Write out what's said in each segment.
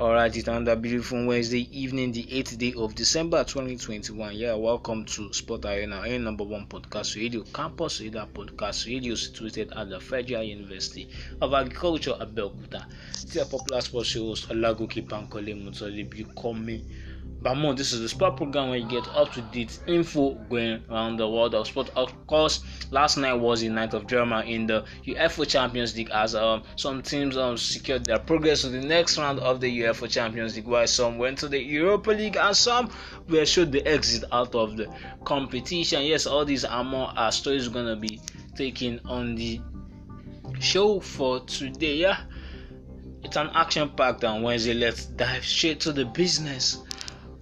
Alright, it's another beautiful Wednesday evening, the 8th day of December 2021. Yeah, welcome to Spot Arena, a number one podcast radio, campus radio podcast radio situated at the Federal University of Agriculture, Abeokuta. It's a popular sports host, Olagoke Pankole Mutoli, becoming but more, This is the sport program where you get up to date info going around the world of sport. Of course, last night was the night of drama in the UEFA Champions League as um, some teams um, secured their progress to the next round of the UEFA Champions League, while some went to the Europa League and some were showed the exit out of the competition. Yes, all these are more are stories gonna be taking on the show for today. Yeah. It's an action packed on Wednesday. Let's dive straight to the business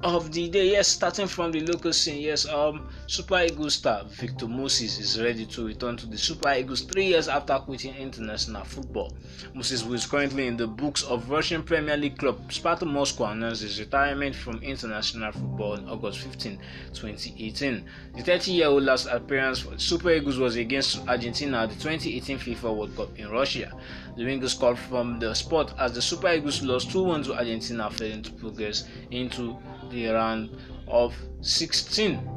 of the day. Yes, starting from the local scene. Yes, um, Super Eagles star Victor Moses is ready to return to the Super Eagles three years after quitting international football. Moses, who is currently in the books of Russian Premier League club Sparta Moscow, announced his retirement from international football on August 15, 2018. The 30-year-old last appearance for Super Eagles was against Argentina at the 2018 FIFA World Cup in Russia. The winger called from the spot as the Super Eagles lost 2-1 to Argentina, failing to progress into the round of 16.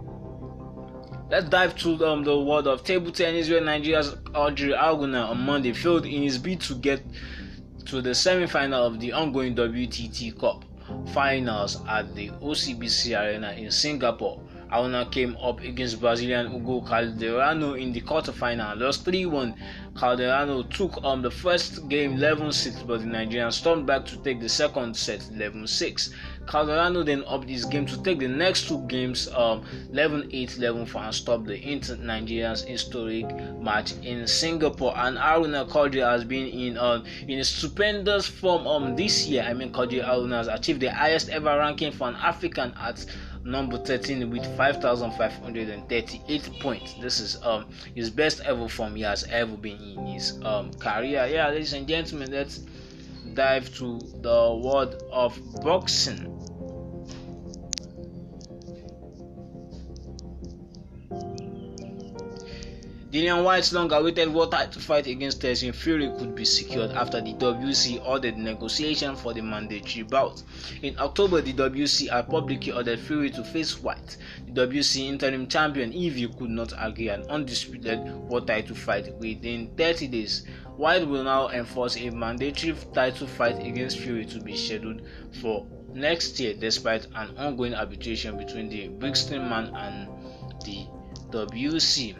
Let's dive to um, the world of table tennis where Nigeria's Audrey Aguna on Monday failed in his bid to get to the semi-final of the ongoing WTT Cup finals at the OCBC Arena in Singapore. Aguna came up against Brazilian Hugo Calderano in the quarterfinal and lost 3-1. Calderano took on um, the first game 11-6 but the Nigerian stormed back to take the second set 11-6. Calderano then up this game to take the next two games um, 11-8, 11-4 and stop the Inter Nigerians historic match in Singapore. And Aruna Kodri has been in uh, in a stupendous form um, this year. I mean, Kodri Aruna has achieved the highest ever ranking for an African at number 13 with 5,538 points. This is um his best ever form he has ever been in his um career. Yeah, ladies and gentlemen, let's dive to the world of boxing. Dillian White's long awaited war title fight against Tyson Fury could be secured oh. after the WC ordered negotiation for the mandatory bout. In October, the WC had publicly oh. ordered Fury to face White. The WC interim champion if you could not agree an undisputed war title fight within 30 days. White will now enforce a mandatory title fight against Fury to be scheduled for next year despite an ongoing arbitration between the Brixton man and the WC.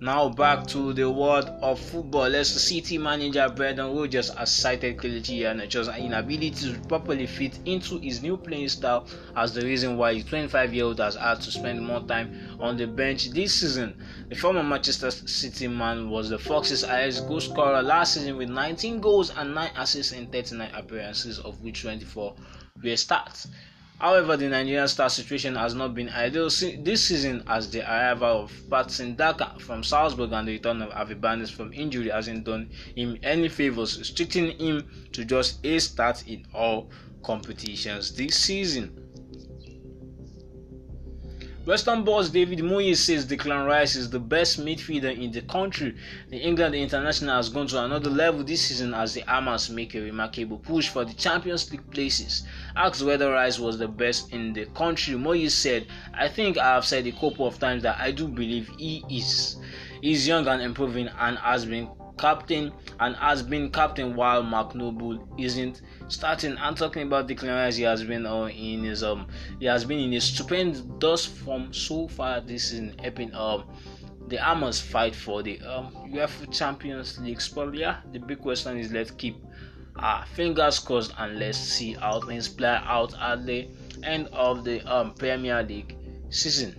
Now back to the world of football. Let's City manager Brendan Rodgers has cited Kelechi Iheanacho's inability to properly fit into his new playing style as the reason why his 25-year-old has had to spend more time on the bench this season. The former Manchester City man was the Foxes' highest goal scorer last season with 19 goals and 9 assists in 39 appearances, of which 24 were starts. However, the Nigerian star situation has not been ideal this season as the arrival of Patson Daka from Salzburg and the return of Avibanis from injury hasn't done him any favors, restricting him to just a start in all competitions this season. Western boss David Moyes says Declan Rice is the best midfielder in the country. The England international has gone to another level this season as the Amas make a remarkable push for the Champions League places. Asked whether Rice was the best in the country, Moyes said, I think I have said a couple of times that I do believe he is. He's young and improving and has been captain and has been captain while Mark Noble isn't starting. I'm talking about the clearance he has been uh, in his um he has been in a stupendous form so far this season helping um the Amos fight for the um, UEFA Champions League spot. Yeah, the big question is let's keep our fingers crossed and let's see how things play out at the end of the um, Premier League season.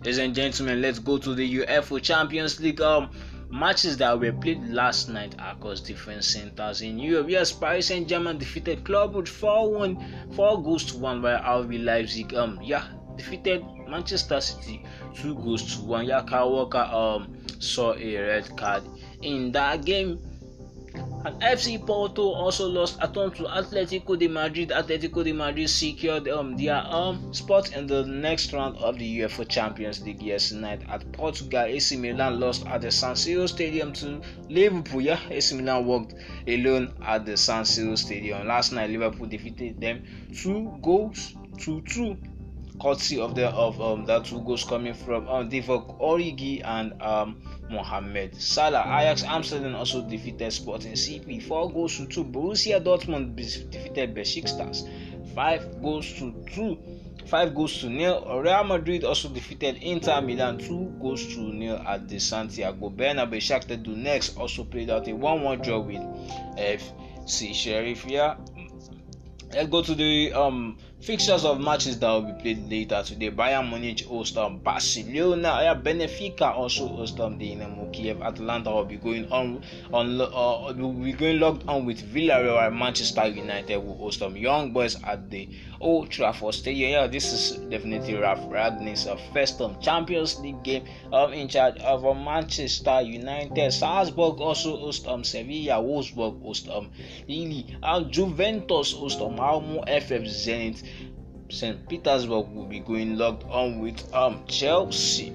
Ladies and gentlemen, let's go to the UEFA Champions League um Matches that were played last night across different centers in Europe. Yes, Paris Saint Germain defeated Club Brugge 4 1, 4 goals to 1, while RB Leipzig, um, yeah, defeated Manchester City 2 goals to 1. Yaka Walker um, saw a red card in that game. And FC Porto also lost at home to Atletico de Madrid. Atletico de Madrid secured um, their um, spot in the next round of the UEFA Champions League yesterday night. At Portugal, AC Milan lost at the San Siro Stadium to Liverpool. Yeah, AC Milan walked alone at the San Siro Stadium. Last night, Liverpool defeated them two goals to two courtesy of the of um, that two goals coming from um, Divock Origi and um, Mohamed Salah. Ajax Amsterdam also defeated Sporting CP. Four goals to two. Borussia Dortmund defeated Besiktas. Five goals to two. Five goals to nil. Real Madrid also defeated Inter Milan two goals to nil at the Santiago Bernabeu. Shakhtar Donetsk also played out a 1-1 draw with FC Sheriff. Yeah, Let's go to the um Fixtures of matches that will be played later today. Bayern Munich host um, Barcelona. Yeah, Benfica also host um, Dynamo Kiev. Atlanta will be going on on uh, will be going locked on with Villarreal. Manchester United will host um, Young Boys at the Old Trafford Stadium. Yeah, this is definitely Ralph Ragnick's uh, first um, Champions League game um, in charge of uh, Manchester United. Salzburg also host um, Sevilla. Wolfsburg host um, Lille. Juventus host um, Malmo FF Zenit. St. Petersburg will be going locked on with um, Chelsea.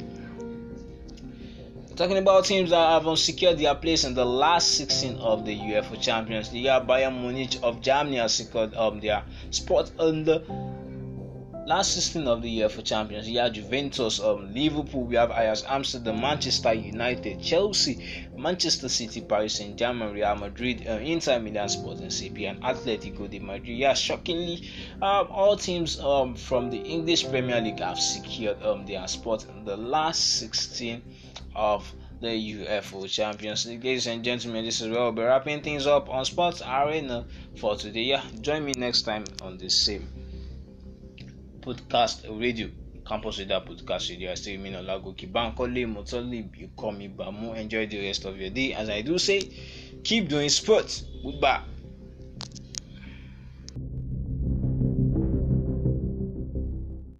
Talking about teams that have secured their place in the last 16 of the UEFA Champions League, Bayern Munich of Germany has secured um, their spot in the last 16 of the year for champions, you have Juventus, um, Liverpool, we have Ajax Amsterdam, Manchester United, Chelsea, Manchester City, Paris Saint Germain, Real Madrid, um, Inter Milan, Sporting CP, and Atletico de Madrid. Yeah, shockingly, um, all teams um, from the English Premier League have secured um, their spot in the last 16 of the UFO Champions League. Ladies and gentlemen, this is where we'll be wrapping things up on Sports Arena for today. Yeah, join me next time on the same podcast radio campus radio podcast radio i still remain olago kibankole motoli ikomi bamu enjoy the rest of your day as i do say keep doing sports goodbye